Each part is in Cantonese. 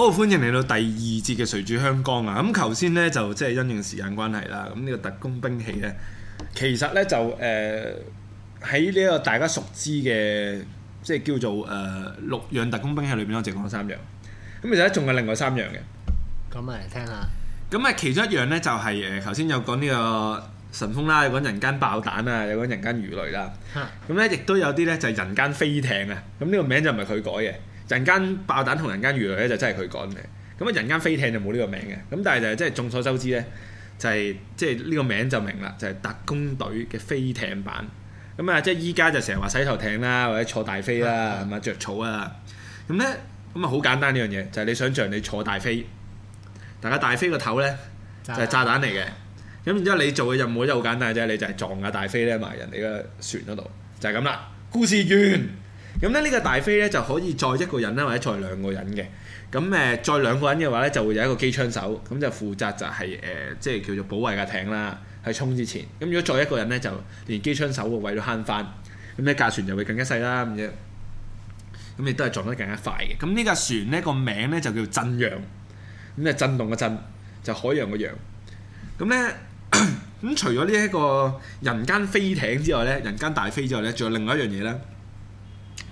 好歡迎嚟到第二節嘅誰主香江啊！咁頭先咧就即係因應時間關係啦。咁、這、呢個特攻兵器咧，其實咧就誒喺呢一個大家熟知嘅，即係叫做誒、呃、六樣特攻兵器裏邊我淨講咗三樣。咁、嗯、其實咧仲有另外三樣嘅。講埋嚟聽下。咁啊，其中一樣咧就係誒頭先有講呢個神風啦，有講人間爆彈啊，有講人間魚雷啦。咁咧哈亦都有啲咧就係、是、人間飛艇啊。咁、這、呢個名就唔係佢改嘅。人間爆彈同人間魚雷咧就真係佢講嘅，咁啊人間飛艇就冇呢個名嘅，咁但係就係即係眾所周知咧，就係即係呢個名就明啦，就係特攻隊嘅飛艇版，咁啊即係依家就成日話洗頭艇啦，或者坐大飛啦，係咪？著草啊，咁咧咁啊好簡單呢樣嘢，就係你想像你坐大飛，但係大飛個頭咧就係炸彈嚟嘅，咁然之後你做嘅任務真係好簡單啫，你就係撞下大飛咧埋人哋嘅船嗰度，就係咁啦，故事完。咁咧呢個大飛咧就可以載一個人啦，或者載兩個人嘅。咁誒，載兩個人嘅話咧，就會有一個機槍手，咁就負責就係、是、誒、呃，即係叫做保衞架艇啦，喺衝之前。咁如果載一個人咧，就連機槍手個位都慳翻，咁咧架船就會更加細啦，咁啫。咁亦都係撞得更加快嘅。咁呢架船咧個名咧就叫震洋，咁啊震動嘅震，就是、海洋嘅洋。咁咧，咁 除咗呢一個人間飛艇之外咧，人間大飛之外咧，仲有另外一樣嘢咧。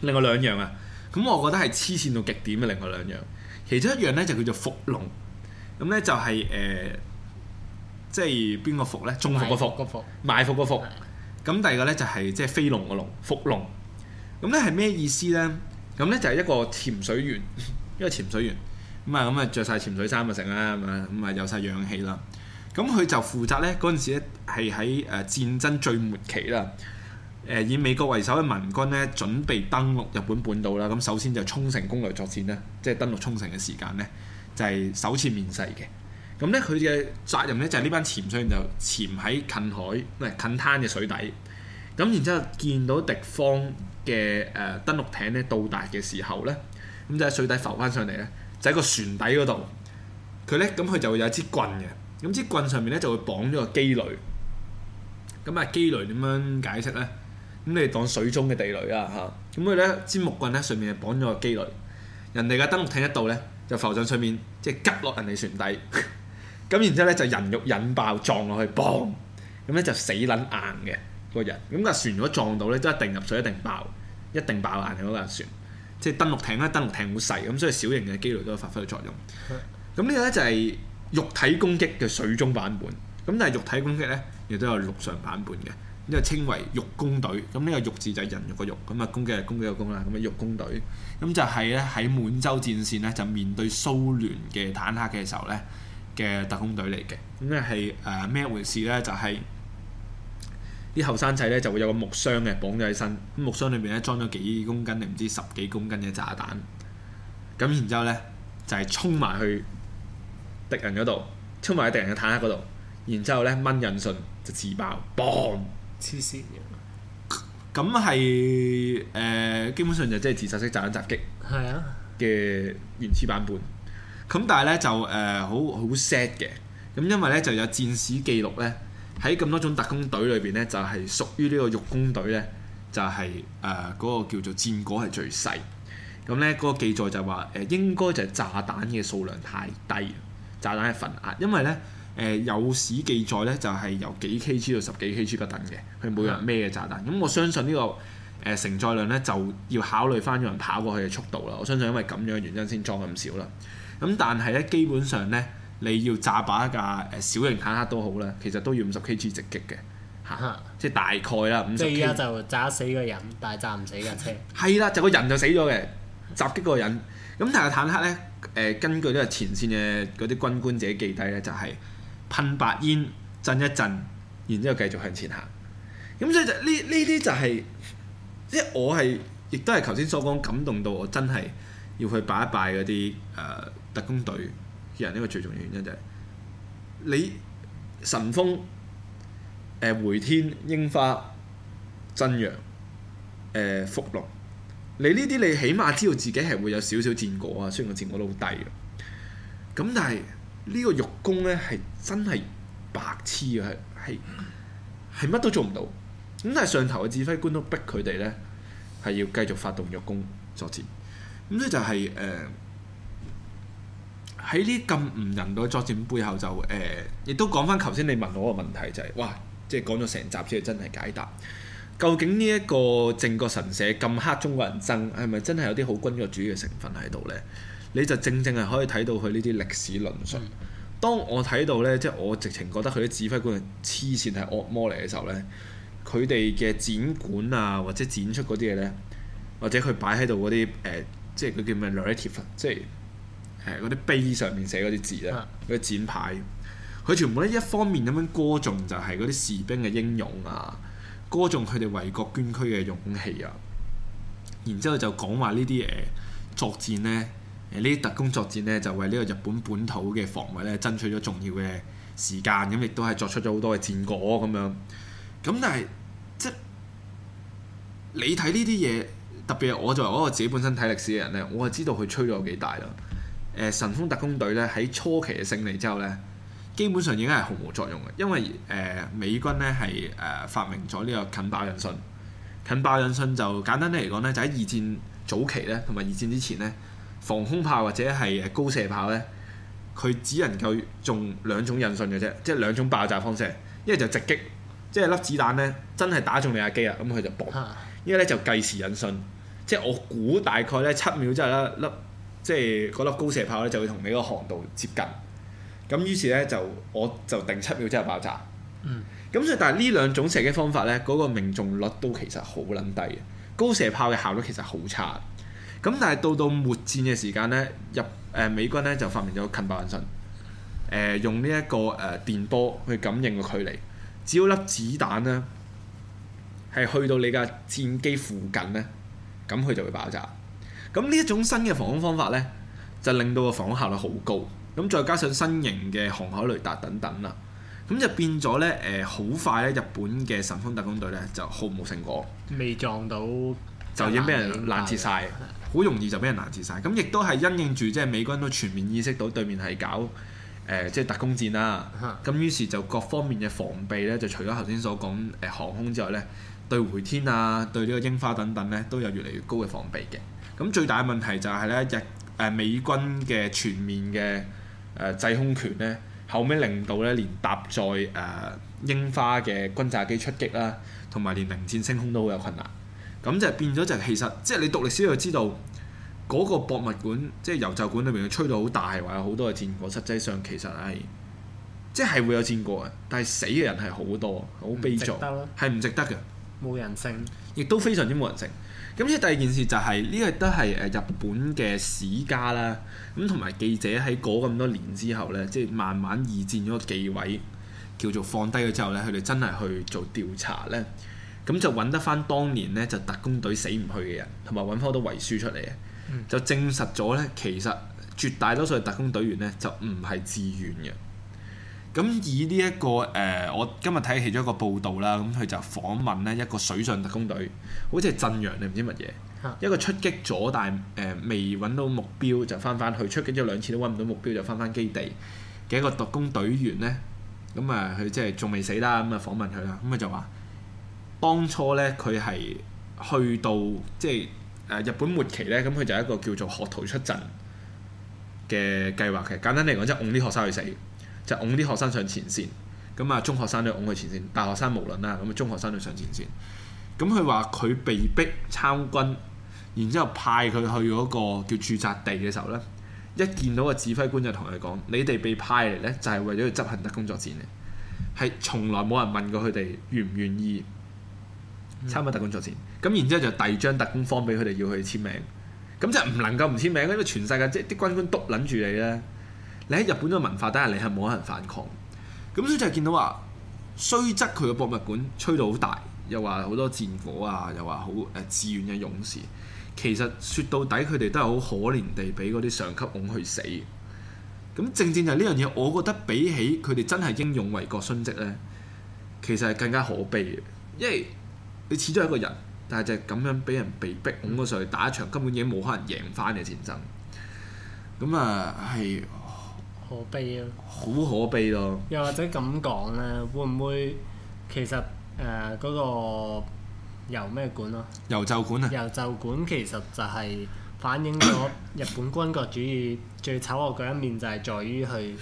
另外兩樣啊，咁我覺得係黐線到極點嘅另外兩樣。其中一樣咧就叫做伏龍，咁咧就係、是、誒、呃，即係邊個伏咧？中伏個伏，埋伏個伏。咁、嗯、第二個咧就係即係飛龍個龍，伏龍。咁咧係咩意思咧？咁咧就係一個潛水員，一個潛水員。咁啊咁啊著晒潛水衫就成啦，咁啊有晒氧氣啦。咁佢就負責咧嗰陣時咧係喺誒戰爭最末期啦。誒以美國為首嘅盟軍咧，準備登陸日本本島啦。咁首先就沖繩攻略作戰咧，即係登陸沖繩嘅時間咧，就係、是、首次面世嘅。咁咧佢嘅責任咧就係呢班潛水員就潛喺近海唔係近灘嘅水底。咁然之後見到敵方嘅誒、呃、登陸艇咧到達嘅時候咧，咁就喺水底浮翻上嚟咧，就喺個船底嗰度。佢咧咁佢就會有支棍嘅，咁支棍上面咧就會綁咗個機雷。咁啊機雷點樣解釋咧？咁你當水中嘅地雷啊嚇，咁佢咧支木棍咧上面係綁咗個機雷，人哋嘅登陸艇一到咧就浮上上面，即係吉落人哋船底，咁 然之後咧就人肉引爆撞落去，噉咧、嗯、就死撚硬嘅個人，咁架船如果撞到咧，都一定入水一定爆，一定爆硬嘅嗰個船，即係登陸艇咧，登陸艇好細，咁所以小型嘅機雷都有發揮到作用。咁、嗯、呢個咧就係、是、肉體攻擊嘅水中版本，咁但係肉體攻擊咧亦都有陸上版本嘅。呢個稱為肉攻隊，咁、這、呢個肉字就係人肉個肉，咁啊攻擊就攻擊個攻啦，咁啊肉攻隊咁就係咧喺滿洲戰線咧，就面對蘇聯嘅坦克嘅時候咧嘅特攻隊嚟嘅。咁咧係誒咩回事咧？就係啲後生仔咧就會有個木箱嘅綁咗喺身，咁木箱裏面咧裝咗幾公斤定唔知十幾公斤嘅炸彈，咁然之後咧就係衝埋去敵人嗰度，衝埋喺敵人嘅坦克嗰度，然之後咧掹引信就自爆，砰！黐線嘅，咁係誒基本上就即係自殺式炸彈襲擊，係啊嘅原始版本。咁但係咧就誒好好 sad 嘅。咁因為咧就有戰史記錄咧，喺咁多種特攻隊裏邊咧就係、是、屬於個呢個肉攻隊咧，就係誒嗰個叫做戰果係最細。咁咧嗰個記載就話誒、呃、應該就係炸彈嘅數量太低，炸彈嘅份額，因為咧。誒、呃、有史記載咧，就係、是、由幾 kg 到十幾 kg 不等嘅，佢每人孭嘅炸彈。咁我相信呢、這個誒承、呃、載量咧，就要考慮翻有人跑過去嘅速度啦。我相信因為咁樣嘅原因先裝咁少啦。咁但係咧，基本上咧，你要炸爆一架誒小型坦克都好啦，嗯、其實都要五十 kg 直擊嘅，嚇、嗯，即係大概啦五十。即係而家就炸死個人，但係炸唔死架車。係啦， 就個、是、人就死咗嘅，襲擊個人。咁但係坦克咧，誒、呃、根據呢個前線嘅嗰啲軍官自己記低咧，就係、是。噴白煙震一震，然之後繼續向前行。咁所以就呢呢啲就係，即係我係亦都係頭先所講，感動到我真係要去拜一拜嗰啲誒特攻隊嘅人。呢個最重要原因就係、是、你神風誒、呃、回天櫻花真陽誒、呃、福龍，你呢啲你起碼知道自己係會有少少戰果啊。雖然個戰果都好低嘅，咁但係。個辱呢個玉工咧係真係白痴啊，係係乜都做唔到。咁但係上頭嘅指揮官都逼佢哋咧，係要繼續發動玉工作戰。咁所就係誒喺呢咁唔人道作戰背後就，就、呃、誒亦都講翻頭先你問我嘅問題、就是，就係哇，即係講咗成集先，真係解答究竟呢一個靖國神社咁黑中國人憎係咪真係有啲好軍國主義嘅成分喺度咧？你就正正係可以睇到佢呢啲歷史論述。嗯、當我睇到呢，即、就、係、是、我直情覺得佢啲指揮官係黐線，係惡魔嚟嘅時候呢，佢哋嘅展館啊，或者展出嗰啲嘢呢，或者佢擺喺度嗰啲誒，即係佢叫咩 relative，即係嗰啲碑上面寫嗰啲字啦，嗰啲展牌，佢全部呢，一方面咁樣歌頌就係嗰啲士兵嘅英勇啊，歌頌佢哋為國捐軀嘅勇氣啊，然之後就講話呢啲誒作戰呢。呢啲特攻作戰咧，就為呢個日本本土嘅防衛咧爭取咗重要嘅時間，咁亦都係作出咗好多嘅戰果咁樣。咁但係即你睇呢啲嘢，特別係我作為我我自己本身睇歷史嘅人咧，我係知道佢吹咗有幾大啦。誒、呃、神風特攻隊咧喺初期嘅勝利之後咧，基本上已經係毫無作用嘅，因為誒、呃、美軍咧係誒發明咗呢個近爆引信，近爆引信就簡單啲嚟講咧，就喺二戰早期咧同埋二戰之前咧。防空炮或者係誒高射炮咧，佢只能夠中兩種引信嘅啫，即係兩種爆炸方式。一係就直擊，即係粒子彈咧真係打中你架機啊，咁佢就爆。一係咧就計時引信，即係我估大概咧七秒之後咧粒，即係嗰粒高射炮咧就會同你個航道接近。咁於是咧就我就定七秒之後爆炸。嗯。咁所以但係呢兩種射擊方法咧，嗰、嗰個命中率都其實好撚低嘅。高射炮嘅效率其實好差。咁但係到到末戰嘅時間呢，日誒、呃、美軍呢就發明咗近爆引信，用呢、這、一個誒、呃、電波去感應個距離，只要粒子彈呢係去到你架戰機附近呢，咁佢就會爆炸。咁呢一種新嘅防空方法呢，就令到個防空效率好高。咁再加上新型嘅航海雷達等等啦，咁就變咗呢誒好、呃、快呢，日本嘅神風特攻隊呢就毫無成果，未撞到。就已經俾人攔截晒，好 容易就俾人攔截晒。咁亦都係因應住即係美軍都全面意識到對面係搞誒即係特攻戰啦、啊。咁 於是就各方面嘅防備咧，就除咗頭先所講誒防空之外咧，對回天啊、對呢個櫻花等等咧，都有越嚟越高嘅防備嘅。咁最大嘅問題就係咧，日誒、呃、美軍嘅全面嘅誒、呃、制空權咧，後尾令到咧連搭載誒、呃、櫻花嘅轟炸機出擊啦、啊，同埋連零戰升空都好有困難。咁就變咗就係其實，即係你讀歷史就知道嗰、那個博物館，即係遊就館裏面，吹到好大，話有好多嘅戰果。實際上其實係，即係會有戰果嘅，但係死嘅人係好多，好悲壯，係唔值得嘅，冇人性。亦都非常之冇人性。咁所以第二件事就係呢個都係誒日本嘅史家啦，咁同埋記者喺嗰咁多年之後咧，即係慢慢二戰嗰個記憶叫做放低咗之後咧，佢哋真係去做調查咧。咁就揾得翻當年咧就特工隊死唔去嘅人，同埋揾翻好多遺書出嚟嘅，嗯、就證實咗咧其實絕大多數特工隊員咧就唔係自願嘅。咁以呢、這、一個誒、呃，我今日睇其中一個報道啦，咁佢就訪問咧一個水上特工隊，好似係鎮陽定唔知乜嘢，嗯、一個出擊咗，但係誒未揾到目標就翻翻去，出擊咗兩次都揾唔到目標就翻翻基地嘅一個特工隊員咧，咁啊佢即係仲未死啦，咁啊訪問佢啦，咁啊就話。當初咧，佢係去到即係誒日本末期咧，咁佢就有一個叫做學徒出陣嘅計劃。其實簡單嚟講，即係揹啲學生去死，就揹、是、啲學生上前線。咁啊，中學生都揹去前線，大學生無論啦，咁啊，中學生都上前線。咁佢話佢被逼參軍，然之後派佢去嗰個叫駐紮地嘅時候咧，一見到個指揮官就同佢講：你哋被派嚟咧，就係為咗去執行德工作戰嘅，係從來冇人問過佢哋願唔願意。參加特工作戰，咁然之後就遞張特工方俾佢哋要去簽名，咁即係唔能夠唔簽名，因為全世界即係啲軍官篤撚住你啦。你喺日本嘅文化底下，你係冇可能反抗。咁所以就見到話，雖則佢個博物館吹到好大，又話好多戰果啊，又話好誒志願嘅勇士，其實説到底佢哋都係好可憐地俾嗰啲上級㧬去死。咁正正就係呢樣嘢，我覺得比起佢哋真係英勇為國殉職咧，其實係更加可悲嘅，因為，你始終係一個人，但係就咁樣俾人被逼，拱咗上去打一場，根本已經冇可能贏翻嘅戰爭。咁啊，係可悲咯、啊，好可悲咯、啊。又或者咁講咧，會唔會其實誒嗰、呃那個遊咩館咯？遊就館啊？遊就館、啊、館其實就係反映咗日本軍國主義最醜惡嘅一面，就係在於去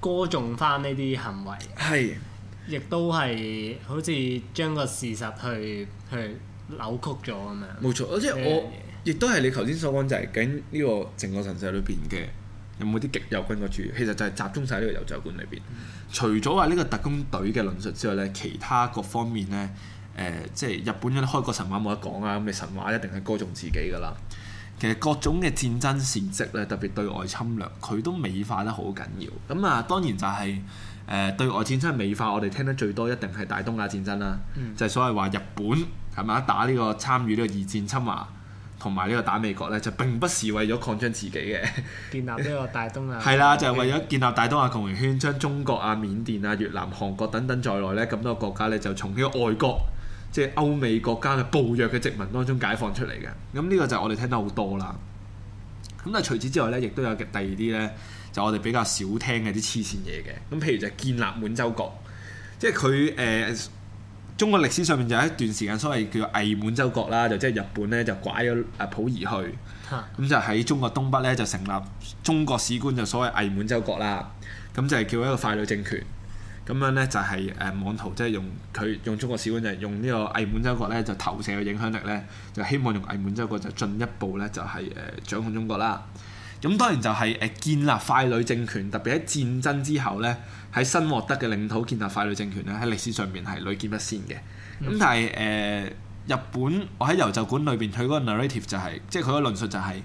歌頌翻呢啲行為。係。亦都係好似將個事實去去扭曲咗咁樣。冇錯，即係、嗯、我亦都係你頭先所講、就是，就係喺呢個靖國神社裏邊嘅，有冇啲極右軍國主義，其實就係集中晒呢個遊走館裏邊。嗯、除咗話呢個特攻隊嘅論述之外咧，其他各方面咧，誒、呃，即係日本人開國神話冇得講啊！咁你神話一定係歌頌自己噶啦。其實各種嘅戰爭事蹟咧，特別對外侵略，佢都美化得好緊要。咁啊，當然就係、是。誒、呃、對外戰爭嘅美化，我哋聽得最多一定係大東亞戰爭啦，嗯、就係所謂話日本係咪打呢個參與呢個二戰侵華，同埋呢個打美國呢，就並不是為咗擴張自己嘅， 建立呢個大東亞係 啦，就係、是、為咗建立大東亞共榮圈，將中國啊、緬甸啊、越南、韓國等等在內呢咁多國家呢，就從呢個外國即係歐美國家嘅暴虐嘅殖民當中解放出嚟嘅。咁、嗯、呢、這個就係我哋聽得好多啦。咁但係除此之外呢，亦都有第二啲呢。就我哋比較少聽嘅啲黐線嘢嘅，咁譬如就建立滿洲國，即係佢誒中國歷史上面就有一段時間所謂叫偽滿洲國啦，就即係日本咧就拐咗啊溥儀去，咁就喺中國東北咧就成立中國使官就所謂偽滿洲國啦，咁就係叫一個傀儡政權，咁樣咧就係誒妄圖即係用佢用中國使官就用呢個偽滿洲國咧就投射嘅影響力咧，就希望用偽滿洲國就進一步咧就係、是、誒、呃、掌控中國啦。咁當然就係誒建立傀儡政權，特別喺戰爭之後咧，喺新獲得嘅領土建立傀儡政權咧，喺歷史上面係屢見不鮮嘅。咁、嗯、但係誒、呃、日本我，我喺遊就館裏邊佢嗰個 narrative 就係，即係佢個論述就係、是就是，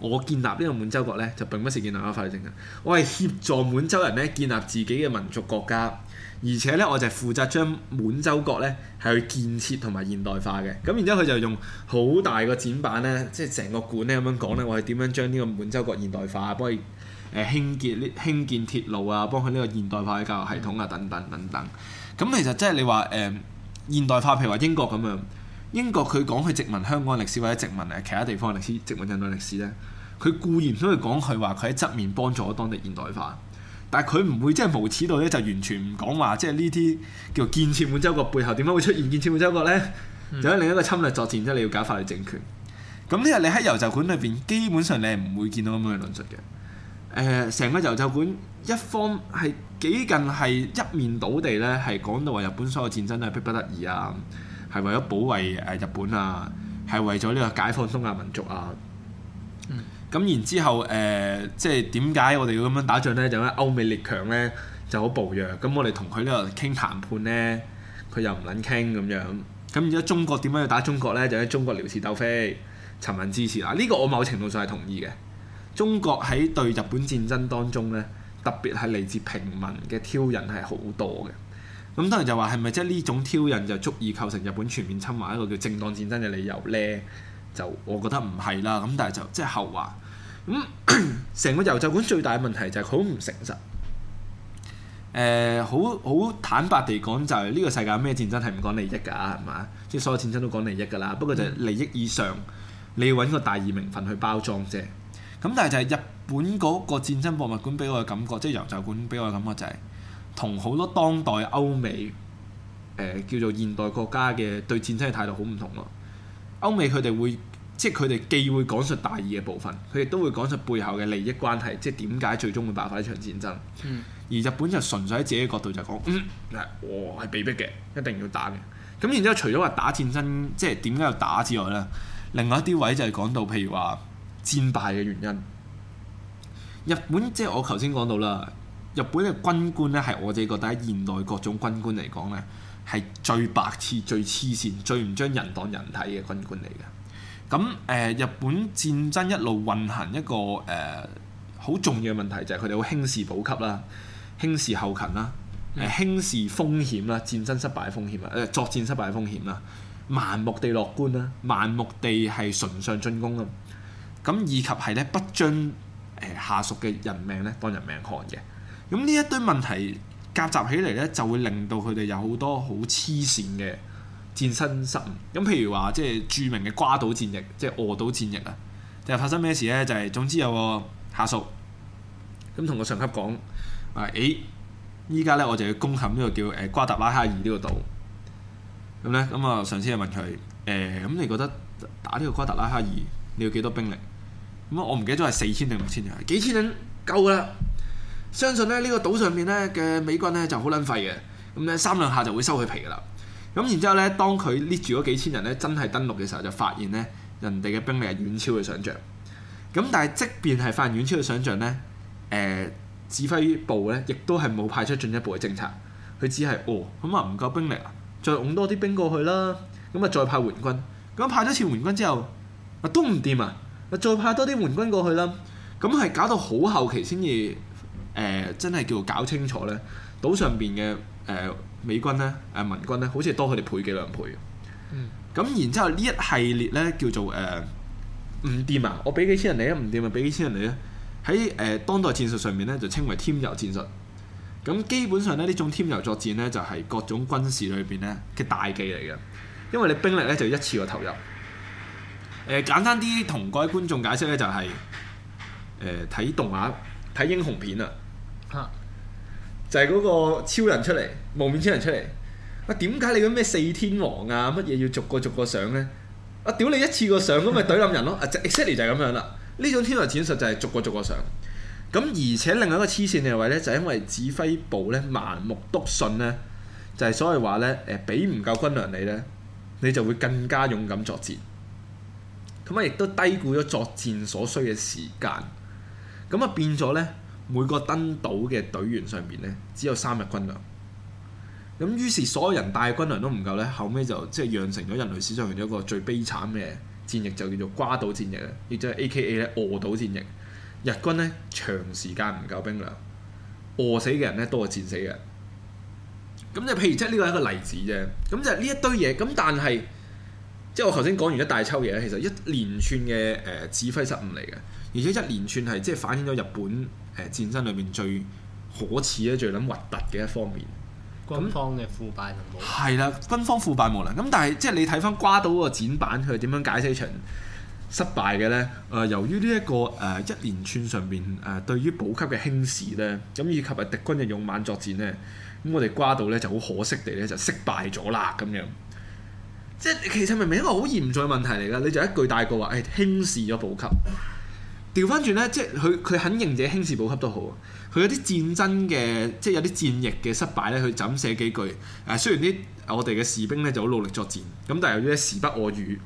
我建立呢個滿洲國咧，就並不是建立一個傀儡政權，我係協助滿洲人咧建立自己嘅民族國家。而且咧，我就負責將滿洲國咧係去建設同埋現代化嘅。咁然之後，佢就用好大個展板咧，即係成個館咧咁樣講咧，我係點樣將呢個滿洲國現代化，幫佢誒、呃、興建呢興建鐵路啊，幫佢呢個現代化嘅教育系統啊，等等等等。咁、嗯嗯、其實即係你話誒現代化，譬如話英國咁樣，英國佢講佢殖民香港歷史或者殖民誒其他地方嘅歷史，殖民印度歷史咧，佢固然都會講佢話佢喺側面幫助咗當地現代化。但係佢唔會即係無恥到咧，就完全唔講話，即係呢啲叫建設滿洲國背後點解會出現建設滿洲國呢？就喺、是、另一個侵略作戰，即係你要搞法西斯政權。咁呢？日你喺遊就館裏邊，基本上你係唔會見到咁樣嘅論述嘅。成、呃、個遊就館一方係幾近係一面倒地呢係講到話日本所有戰爭都係迫不得已啊，係為咗保衞誒日本啊，係為咗呢個解放東亞民族啊。嗯。咁然之後，誒、呃，即係點解我哋要咁樣打仗咧？就喺、是、歐美列強咧，就好暴弱。咁我哋同佢呢度傾談判咧，佢又唔撚傾咁樣。咁而家中國點樣去打中國咧？就喺、是、中國聊詞鬥非，尋民支持啊！呢、這個我某程度上係同意嘅。中國喺對日本戰爭當中咧，特別係嚟自平民嘅挑釁係好多嘅。咁當然就話係咪即係呢種挑釁就足以構成日本全面侵華一個叫正當戰爭嘅理由咧？就我覺得唔係啦。咁但係就即係後話。咁成個遊就館最大嘅問題就係佢好唔誠實。誒、呃，好好坦白地講，就係呢個世界有咩戰爭係唔講利益㗎，係嘛？即係所有戰爭都講利益㗎啦。不過就係利益以上，你要揾個大義名分去包裝啫。咁但係就係日本嗰個戰爭博物館俾我嘅感覺，即係遊就館俾我嘅感覺就係同好多當代歐美誒、呃、叫做現代國家嘅對戰爭嘅態度好唔同咯。歐美佢哋會。即係佢哋既會講述大義嘅部分，佢哋都會講述背後嘅利益關係，即係點解最終會爆發一場戰爭。嗯、而日本就純粹喺自己嘅角度就講：嗯，我係被逼嘅，一定要打嘅。咁然之後，除咗話打戰爭，即係點解要打之外咧，另外一啲位就係講到，譬如話戰敗嘅原因。日本即係我頭先講到啦，日本嘅軍官咧係我自己覺得喺現代各種軍官嚟講咧係最白痴、最黐線、最唔將人當人睇嘅軍官嚟嘅。咁，誒，日本戰爭一路運行，一個誒好重要嘅問題就係佢哋好輕視補給啦、輕視後勤啦、誒、嗯、輕視風險啦、戰爭失敗風險啊、誒作戰失敗風險啦、盲目地樂觀啦、盲目地係崇尚進攻啦，咁以及係咧不將誒下屬嘅人命咧當人命看嘅，咁呢一堆問題夾雜起嚟咧就會令到佢哋有好多好黐線嘅。戰身失誤，咁譬如話，即係著名嘅瓜島戰役，即係餓島戰役啊，就係發生咩事咧？就係總之有個下屬咁同個上司講：啊、哎，誒，依家咧我就要攻陷呢個叫誒瓜達拉哈爾呢個島。咁咧，咁啊上司就問佢：誒、呃，咁你覺得打呢個瓜達拉哈爾你要幾多兵力？咁啊，我唔記得咗係四千定五千人，幾千人夠噶啦。相信咧呢、呢個島上面咧嘅美軍咧就好撚廢嘅，咁咧三兩下就會收佢皮噶啦。咁然之後咧，當佢擸住嗰幾千人咧，真係登陸嘅時候，就發現咧，人哋嘅兵力係遠超佢想象。咁但係即便係發現遠超佢想象咧，誒、呃、指揮部咧，亦都係冇派出進一步嘅政策。佢只係哦，咁啊唔夠兵力啊，再拱多啲兵過去啦。咁啊再派援軍，咁派咗次援軍之後，啊都唔掂啊，再派多啲援軍過去啦，咁係搞到好後期先至，誒、呃，真係叫搞清楚咧，島上邊嘅誒。呃美軍咧，誒民軍咧，好似多佢哋倍幾兩倍。嗯。咁然之後呢一系列咧叫做誒唔掂啊，我俾幾千人你啊唔掂啊俾幾千人你啊。喺誒、呃、當代戰術上面咧就稱為添油戰術。咁基本上咧呢種添油作戰咧就係、是、各種軍事裏邊咧嘅大忌嚟嘅，因為你兵力咧就一次過投入。誒、呃、簡單啲同各位觀眾解釋咧就係誒睇動畫睇英雄片啊。嚇、啊。就係嗰個超人出嚟，蒙面超人出嚟。啊，點解你嗰咩四天王啊，乜嘢要逐個逐個上呢？啊，屌你一次過上咁咪隊冧人咯。啊 exactly 就係咁樣啦。呢種天王戰術就係逐個逐個上。咁而且另外一個黐線嘅位呢，就係、因為指揮部呢盲目篤信呢，就係、是、所謂話呢：「誒俾唔夠軍糧你呢，你就會更加勇敢作戰。」咁啊，亦都低估咗作戰所需嘅時間。咁啊，變咗呢。每個登島嘅隊員上邊咧，只有三日軍糧，咁於是所有人帶嘅軍糧都唔夠咧，後尾就即係釀成咗人類史上面一個最悲慘嘅戰役，就叫做瓜島戰役，亦即係 A K A 咧，餓島戰役。日軍咧，長時間唔夠兵糧，餓死嘅人咧，多過戰死嘅。咁就譬如即係呢個係一個例子啫。咁就係呢一堆嘢，咁但係即係我頭先講完一大抽嘢，其實一連串嘅誒、呃、指揮失誤嚟嘅，而且一連串係即係反映咗日本。誒戰爭裏面最可恥咧、最撚核突嘅一方面，軍方嘅腐敗冇。係啦、啊，軍方腐敗無能。咁但係即係你睇翻瓜島個展板，佢點樣解釋一場失敗嘅咧？誒、呃，由於呢、這、一個誒、呃、一連串上邊誒、呃、對於補給嘅輕視咧，咁以及啊敵軍嘅勇猛作戰咧，咁我哋瓜島咧就好可惜地咧就失敗咗啦咁樣。即係其實明明一個好嚴重嘅問題嚟噶，你就一句大過話，係、欸、輕視咗補給。調翻轉咧，即係佢佢肯認自己輕視補給都好啊。佢有啲戰爭嘅，即係有啲戰役嘅失敗咧，佢就咁寫幾句誒、呃。雖然啲我哋嘅士兵咧就好努力作戰，咁但係有啲時不我與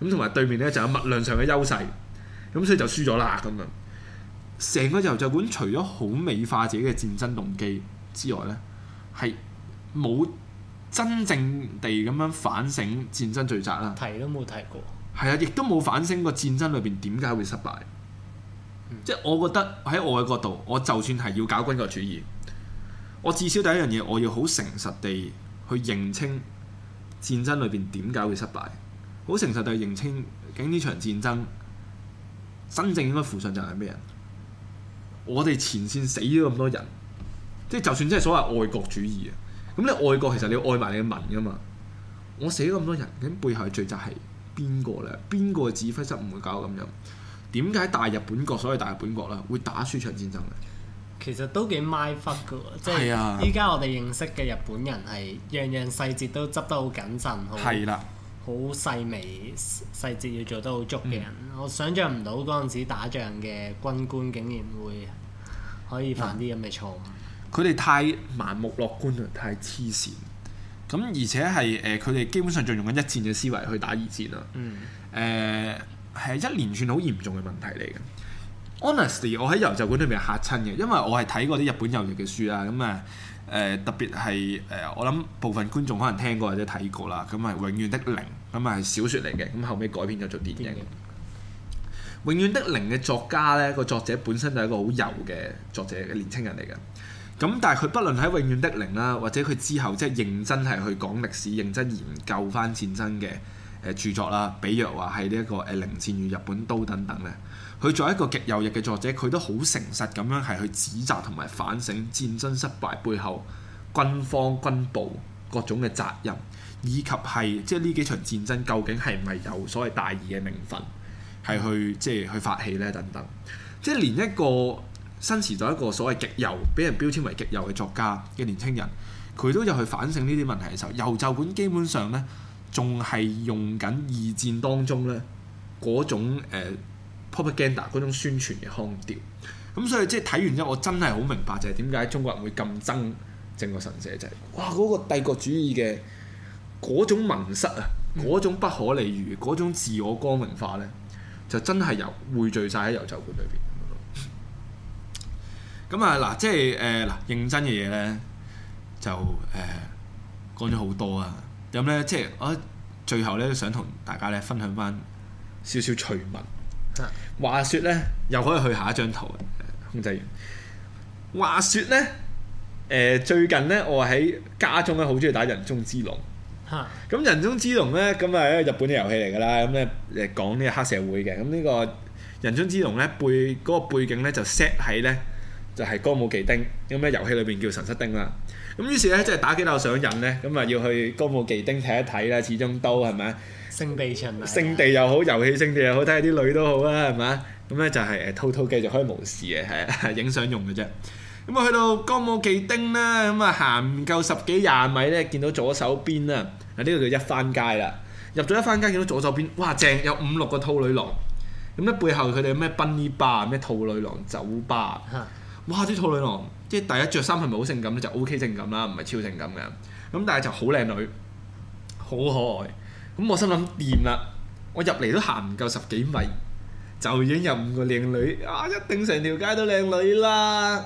咁，同埋對面咧就有物量上嘅優勢，咁所以就輸咗啦。咁樣成個遊就館除咗好美化自己嘅戰爭動機之外咧，係冇真正地咁樣反省戰爭罪責啦。提都冇提過，係啊，亦都冇反省過戰爭裏邊點解會失敗。即係我覺得喺我嘅角度，我就算係要搞軍國主義，我至少第一樣嘢我要好誠實地去認清戰爭裏邊點解會失敗，好誠實地認清究竟呢場戰爭真正應該負上責任係咩人？我哋前線死咗咁多人，即係就算即係所謂愛國主義啊，咁你愛國其實你要愛埋你嘅民噶嘛？我死咗咁多人，咁背後嘅罪責係邊個咧？邊個嘅指揮失誤搞到咁樣？點解大日本國所謂大日本國咧，會打輸場戰爭嘅？其實都幾 my fuck 嘅喎，啊、即係依家我哋認識嘅日本人係樣樣細節都執得好謹慎，好、啊、細微細節要做得好足嘅人。嗯、我想像唔到嗰陣時打仗嘅軍官竟然會可以犯啲咁嘅錯誤。佢哋、嗯、太盲目樂觀啦，太痴線。咁而且係誒，佢、呃、哋基本上仲用緊一戰嘅思維去打二戰啊。誒、嗯。呃係一連串好嚴重嘅問題嚟嘅。Honestly，我喺遊就館裏面嚇親嘅，因為我係睇過啲日本右翼嘅書啊，咁啊誒特別係誒、呃、我諗部分觀眾可能聽過或者睇過啦，咁係《永遠的零》咁係小説嚟嘅，咁後尾改編咗做電影。《永遠的零》嘅作家呢個作者本身就係一個好右嘅作者嘅年輕人嚟嘅。咁但係佢不論喺《永遠的零》啦，或者佢之後即係認真係去講歷史、認真研究翻戰爭嘅。誒著作啦，比如話係呢一個《誒零戰與日本刀》等等咧，佢作為一個極右翼嘅作者，佢都好誠實咁樣係去指責同埋反省戰爭失敗背後軍方軍部各種嘅責任，以及係即係呢幾場戰爭究竟係唔係有所謂大義嘅名分，係去即係去發起咧等等。即係連一個新時代一個所謂極右，俾人標籤為極右嘅作家嘅年輕人，佢都有去反省呢啲問題嘅時候，右就本基本上咧。仲係用緊二戰當中呢嗰種、呃、propaganda 嗰種宣傳嘅腔調，咁所以即係睇完之後，我真係好明白就係點解中國人會咁憎靖國神社就係、係。哇！嗰、嗰個帝國主義嘅嗰種文質啊，嗰種不可理喻，嗰種自我光榮化呢，就真係由匯聚晒喺遊就館裏邊。咁、嗯、啊，嗱，即係誒嗱，認真嘅嘢呢，就誒、呃、講咗好多啊。嗯咁咧、嗯，即係我最後咧，想同大家咧分享翻少，少少趣聞。啊、話説咧，又可以去下一張圖，控制員。話説咧，誒、呃、最近咧，我喺家中咧，好鍾意打人中之龍。嚇、啊！咁人中之龍咧，咁啊，一個日本嘅遊戲嚟㗎啦。咁咧誒講呢個黑社會嘅。咁呢個人中之龍咧背嗰、那個背景咧就 set 喺咧就係、是、歌舞伎町，咁咧遊戲裏邊叫神室町啦。咁於是咧，即係打機鬧上癮咧，咁啊要去歌舞伎町睇一睇啦，始終都係咪啊？聖地係咪啊？聖地又好，遊戲聖地又好，睇下啲女都好啊，係咪？咁咧就係兔兔繼續開模試嘅，係影相用嘅啫。咁啊，去到歌舞伎町啦，咁啊行唔夠十幾廿米咧，見到左手邊啊，啊呢個叫一番街啦。入咗一番街，見到左手邊，哇正有五六個兔女郎。咁、嗯、咧背後佢哋咩檳尼吧，咩兔女郎酒吧。嚇！哇啲兔女郎～即係第一着衫係咪好性感咧？就 O K 性感啦，唔係超性感嘅。咁但係就好靚女，好可愛。咁我心諗掂啦，我入嚟都行唔夠十幾米，就已經有五個靚女啊！一定成條街都靚女啦。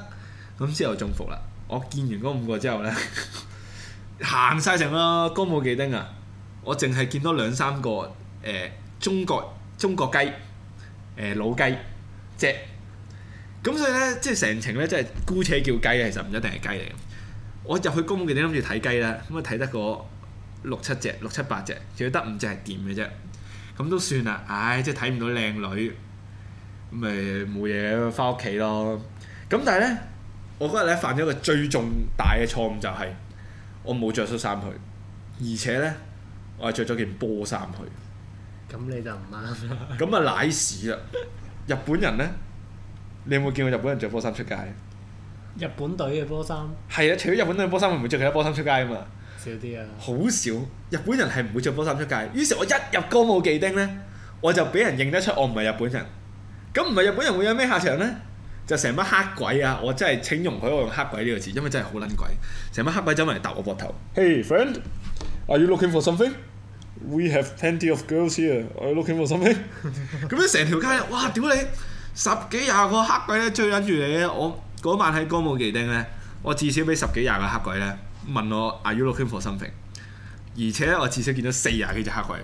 咁之後中伏啦，我見完嗰五個之後咧， 行晒成個歌舞伎町啊，我淨係見到兩三個誒、呃、中國中國雞誒、呃、老雞隻。咁所以咧，即係成程咧，即係姑且叫雞嘅，其實唔一定係雞嚟嘅。我入去公嘅，你諗住睇雞啦，咁啊睇得個六七隻，六七八隻，只要得五隻係掂嘅啫。咁都算啦，唉，即係睇唔到靚女，咁咪冇嘢翻屋企咯。咁但係咧，我嗰日咧犯咗一個最重大嘅錯誤，就係，就係我冇着恤衫去，而且咧我係着咗件波衫去。咁你就唔啱啦。咁啊瀨屎啦！ 日本人咧。你有冇見過日本人着波衫出街？日本隊嘅波衫。係啊，除咗日本隊嘅波衫，佢唔會着其他波衫出街啊嘛。少啲啊。好少，日本人係唔會着波衫出街。於是，我一入歌舞伎町咧，我就俾人認得出我唔係日本人。咁唔係日本人會有咩下場咧？就成班黑鬼啊！我真係請容許我用黑鬼呢個字，因為真係好撚鬼。成班黑鬼走埋嚟揼我膊頭。Hey friend, are you looking for something? We have plenty of girls here. Are you looking for something? 咁樣成條街，哇！屌你！十幾廿個黑鬼咧最緊住你咧，我嗰晚喺歌舞伎町咧，我至少俾十幾廿個黑鬼咧問我 Are you looking for something？而且咧我至少見到四廿幾隻黑鬼，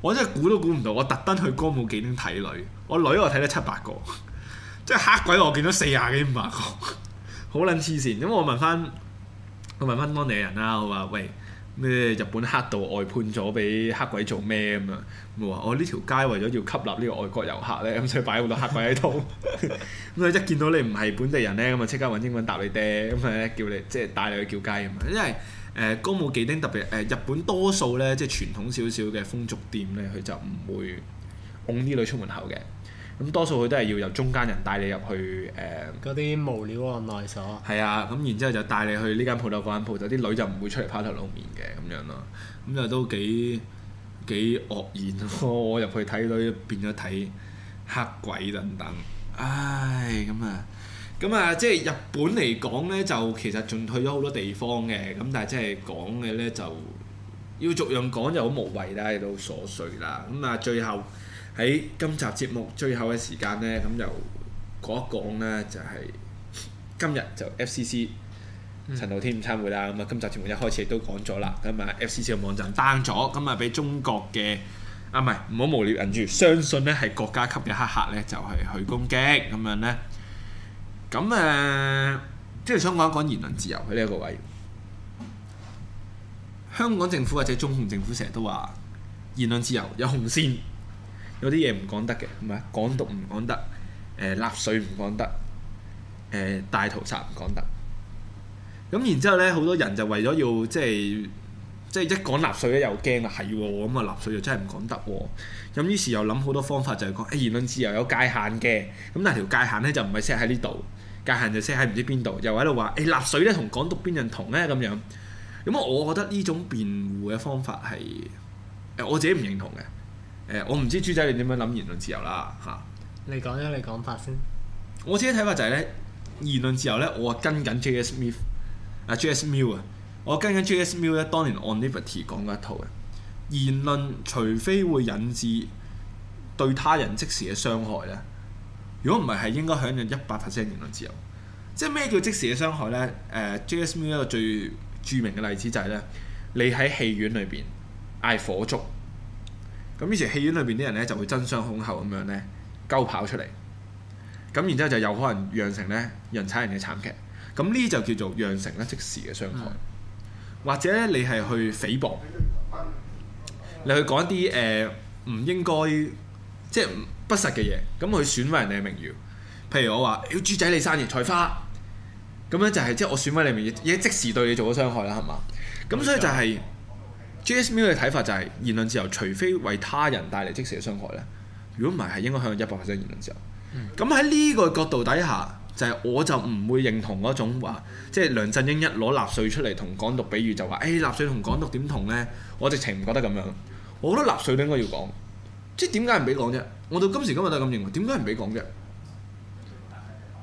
我真係估都估唔到，我特登去歌舞伎町睇女，我女我睇咗七八個，即係黑鬼我見到四廿幾五百個，好撚黐線，咁我問翻我問翻當地人啦，我話喂。咩日本黑道外判咗俾黑鬼做咩咁啊？咁話我呢條街為咗要吸納呢個外國遊客咧，咁所以擺好多黑鬼喺度。咁啊 一見到你唔係本地人咧，咁啊即刻搵英文答你爹，咁啊叫你即係、就是、帶你去叫雞咁啊，因為誒歌舞伎町特別誒、呃、日本多數咧即係傳統少少嘅風俗店咧，佢就唔會拱啲女出門口嘅。咁多數佢都係要由中間人帶你入去誒，嗰、呃、啲無聊啊內所。係啊，咁然之後就帶你去呢間鋪頭、嗰間鋪頭，啲女就唔會出嚟 p a 露面嘅咁樣咯。咁就都幾幾惡然咯！哦嗯、我入去睇女變咗睇黑鬼等等。唉，咁啊，咁啊，啊，即係日本嚟講呢，就其實仲去咗好多地方嘅。咁但係即係講嘅呢，就要逐樣講就好無謂啦，亦都瑣碎啦。咁啊，最後。喺今集節目最後嘅時間呢，咁就講一講呢，就係、是、今日就 FCC 陳浩天午餐會啦。咁啊、嗯，今集節目一開始都講咗啦，咁啊 FCC 嘅網站 down 咗，咁啊俾中國嘅啊唔係唔好無聊人住，相信呢係國家級嘅黑客呢，就係、是、去攻擊咁樣呢，咁誒，即係、呃就是、想講一講言論自由喺呢一個位，香港政府或者中共政府成日都話言論自由有紅線。有啲嘢唔講得嘅，唔係港獨唔講得，誒、呃、納粹唔講得，誒、呃、大屠殺唔講得。咁、嗯、然之後咧，好多人就為咗要即係即係一講納粹咧又驚啊，係喎，咁、嗯、啊納粹又真係唔講得喎。咁、嗯、於是又諗好多方法就係講，誒、欸、言論自由有界限嘅，咁但係條界限咧就唔係 set 喺呢度，界限就 set 喺唔知邊度，又喺度話誒納粹咧同港獨邊人同咧咁樣。咁、嗯、我覺得呢種辯護嘅方法係誒我自己唔認同嘅。誒、呃，我唔知豬仔你點樣諗言論自由啦，嚇、啊！你講咗你講法先。我自己睇法就係咧，言論自由咧，我跟緊 J,、啊、J S m i t h 啊，J S Mill 啊，我跟緊 J S Mill 咧，當年 On Liberty 講嗰一套嘅言論，除非會引致對他人即時嘅傷害咧，如果唔係係應該享有一百 percent 言論自由。即係咩叫即時嘅傷害咧？誒、呃、J S Mill 一個最著名嘅例子就係咧，你喺戲院裏邊嗌火燭。咁於是戲院裏邊啲人咧就會爭相恐後咁樣咧，鳩跑出嚟。咁然之後就有可能釀成咧人踩人嘅慘劇。咁呢就叫做釀成咧即時嘅傷害。的或者你係去誹謗，你去講一啲誒唔應該即係不實嘅嘢，咁去損毀人哋嘅名譽。譬如我話：妖豬仔你生嘢菜花，咁咧就係、是、即係我損毀你名譽，已經即時對你做咗傷害啦，係嘛？咁所以就係、是。J.S. Mill 嘅睇法就係言論自由，除非為他人帶嚟即時嘅傷害咧，如果唔係，係應該向一百%言論自由。咁喺呢個角度底下，就係、是、我就唔會認同嗰種話，即係梁振英一攞納粹出嚟同港獨比喻就話，誒、欸、納粹同港獨點同咧？我直情唔覺得咁樣。我覺得納粹都應該要講，即係點解唔俾講啫？我到今時今日都係咁認為，點解唔俾講啫？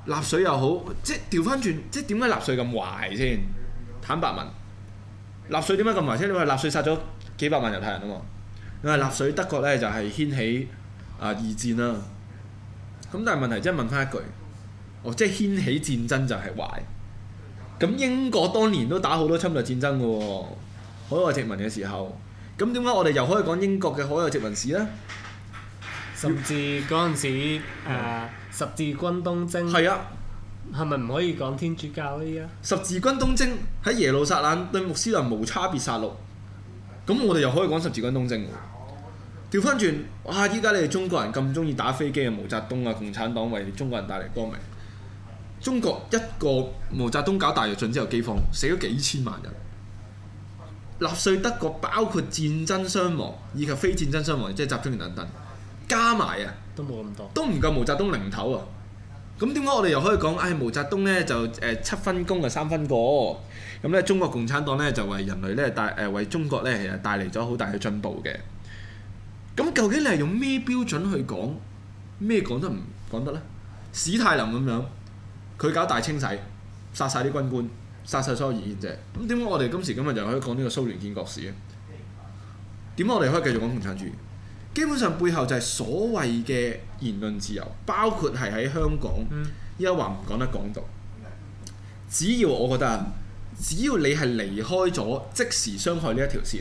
納粹又好，即係調翻轉，即係點解納粹咁壞先？坦白問。納粹點解咁麻煩？你話納粹殺咗幾百萬猶太人啊嘛。因為納粹德國咧就係掀起啊二戰啦。咁但係問題即係問翻一句，哦，即係掀起戰爭就係壞。咁英國當年都打好多侵略戰爭嘅，海外殖民嘅時候。咁點解我哋又可以講英國嘅海外殖民史咧？甚至嗰陣時、嗯、十字軍東征。係啊。係咪唔可以講天主教嗰啲啊？十字軍東征喺耶路撒冷對穆斯林無差別殺戮，咁我哋又可以講十字軍東征喎？調翻轉，哇！依家你哋中國人咁中意打飛機啊，毛澤東啊，共產黨為中國人帶嚟光明。中國一個毛澤東搞大躍進之後饑荒，死咗幾千萬人。納粹德國包括戰爭傷亡以及非戰爭傷亡，即係集中營等等，加埋啊，都冇咁多，都唔夠毛澤東零頭啊！咁點解我哋又可以講？唉、哎，毛澤東咧就誒、呃、七分功啊，三分過。咁、嗯、咧中國共產黨咧就為人類咧帶誒、呃、為中國咧其實帶嚟咗好大嘅進步嘅。咁、嗯、究竟你係用咩標準去講咩講得唔講得咧？史太林咁樣，佢搞大清洗，殺晒啲軍官，殺晒所有異見者。咁點解我哋今時今日就可以講呢個蘇聯建國史咧？點解我哋可以繼續講共產主義？基本上背後就係所謂嘅言論自由，包括係喺香港，依家話唔講得港獨。只要我覺得，只要你係離開咗即時傷害呢一條線，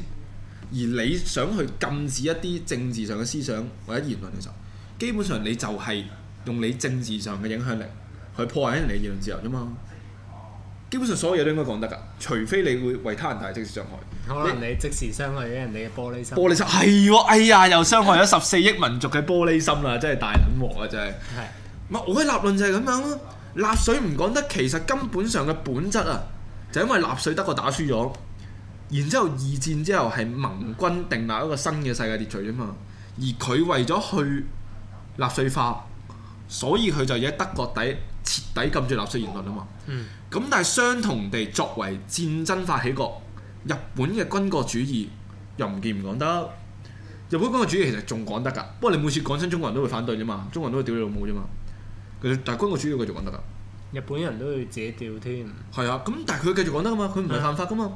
而你想去禁止一啲政治上嘅思想或者言論嘅時候，基本上你就係用你政治上嘅影響力去破壞人哋嘅言論自由啫嘛。基本上所有嘢都應該講得噶，除非你會為他人帶嚟即時傷害。你可能你即時傷害咗人哋嘅玻璃心。玻璃心係喎、哦，哎呀，又傷害咗十四億民族嘅玻璃心啦，真係大撚鑊啊，真係。係是。唔係我嘅立論就係咁樣咯。納粹唔講得，其實根本上嘅本質啊，就因為納粹德國打輸咗，然之後二戰之後係盟軍定立一個新嘅世界秩序啊嘛。而佢為咗去納粹化，所以佢就喺德國底。徹底禁住納粹言論啊嘛，咁、嗯、但係相同地，作為戰爭發起國，日本嘅軍國主義又唔見唔講得，得。日本軍國主義其實仲講得㗎，不過你每次講親中國人都會反對啫嘛，中國人都會屌你老母啫嘛。其但係軍國主義佢仲講得㗎，日本人都要自己屌添。係啊，咁但係佢繼續講得㗎嘛，佢唔係犯法㗎嘛。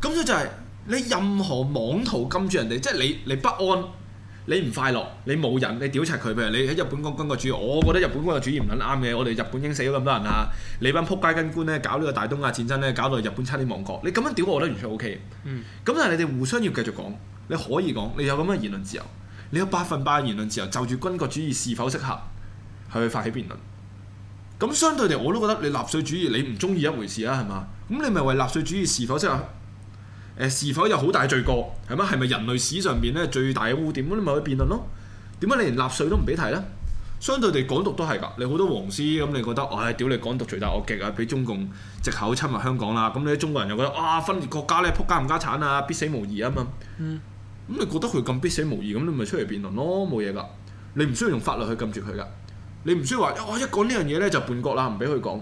咁、嗯、所以就係你任何妄圖禁住人哋，即、就、係、是、你你不安。你唔快樂，你冇人，你屌柒佢。譬如你喺日本講軍國主義，我覺得日本軍國主義唔撚啱嘅。我哋日本已經死咗咁多人啦，你班撲街跟官咧搞呢個大東亞戰爭咧，搞到日本差啲亡國。你咁樣屌我，我覺得完全 OK 嘅。咁但係你哋互相要繼續講，你可以講，你有咁嘅言論自由，你有百分百言論自由，就住軍國主義是否適合去發起辯論。咁相對地，我都覺得你納粹主義你唔中意一回事啦，係嘛？咁你咪為納粹主義是否適合？誒是否有好大罪過係嗎？係咪人類史上邊咧最大嘅污點咁？你咪去辯論咯。點解你連納粹都唔俾提咧？相對地，港獨都係㗎。你好多黃絲咁，你覺得唉、哎，屌你港獨罪大惡極啊！俾中共藉口侵入香港啦、啊。咁你啲中國人又覺得啊，分裂國家咧，撲家唔家產啊，必死無疑啊嘛。嗯。咁你覺得佢咁必死無疑，咁你咪出嚟辯論咯，冇嘢㗎。你唔需要用法律去禁住佢㗎。你唔需要話、哎、我一講呢樣嘢咧就叛國啦，唔俾佢講。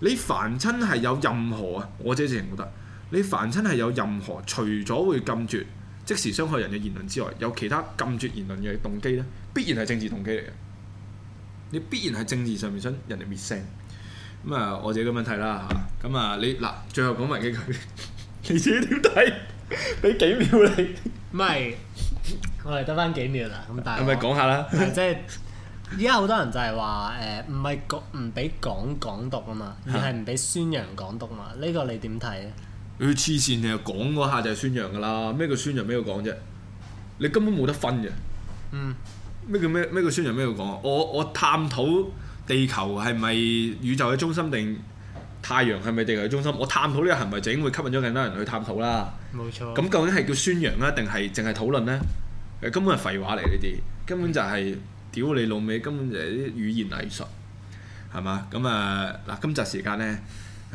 你凡親係有任何啊，我這隻人得。你凡親係有任何除咗會禁絕即時傷害人嘅言論之外，有其他禁絕言論嘅動機咧，必然係政治動機嚟嘅。你必然係政治上面想人哋滅聲。咁啊，我自己咁樣睇啦吓。咁啊，你嗱，最後講埋幾句， 你自己點睇？俾 幾秒你？唔 係，我哋得翻幾秒啦。咁但係，係咪講下啦？即 係、啊，依家好多人就係話誒，唔係講唔俾講港獨啊嘛，而係唔俾宣揚港獨啊嘛。呢、這個你點睇？佢黐線，你又講嗰下就係宣揚噶啦，咩叫宣揚？咩叫講啫？你根本冇得分嘅。嗯。咩叫咩咩叫宣揚？咩叫講啊？我我探討地球係咪宇宙嘅中心定太陽係咪地球嘅中心？我探討呢個行為，就會吸引咗更多人去探討啦。冇錯。咁究竟係叫宣揚啊，定係淨係討論呢？誒，根本係廢話嚟，呢啲根本就係屌你老味，根本就係、是、啲語言藝術，係嘛？咁啊嗱，今集時間咧。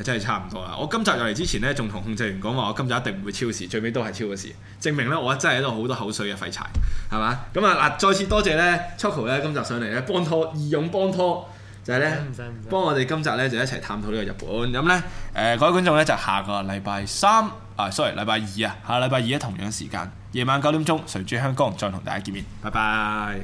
真係差唔多啦。我今集入嚟之前呢，仲同控制員講話，我今集一定唔會超時，最尾都係超咗時，證明呢，我真係喺度好多口水嘅廢柴，係嘛咁啊？嗱，再次多謝呢 Choco 呢，今集上嚟呢，幫拖義勇幫拖，就係、是、咧幫我哋今集呢，就一齊探討呢個日本咁呢，誒、呃，各位觀眾呢，就下個禮拜三啊，sorry，禮拜二啊，下禮拜二、啊、同樣時間夜晚九點鐘，誰主香江再同大家見面，拜拜。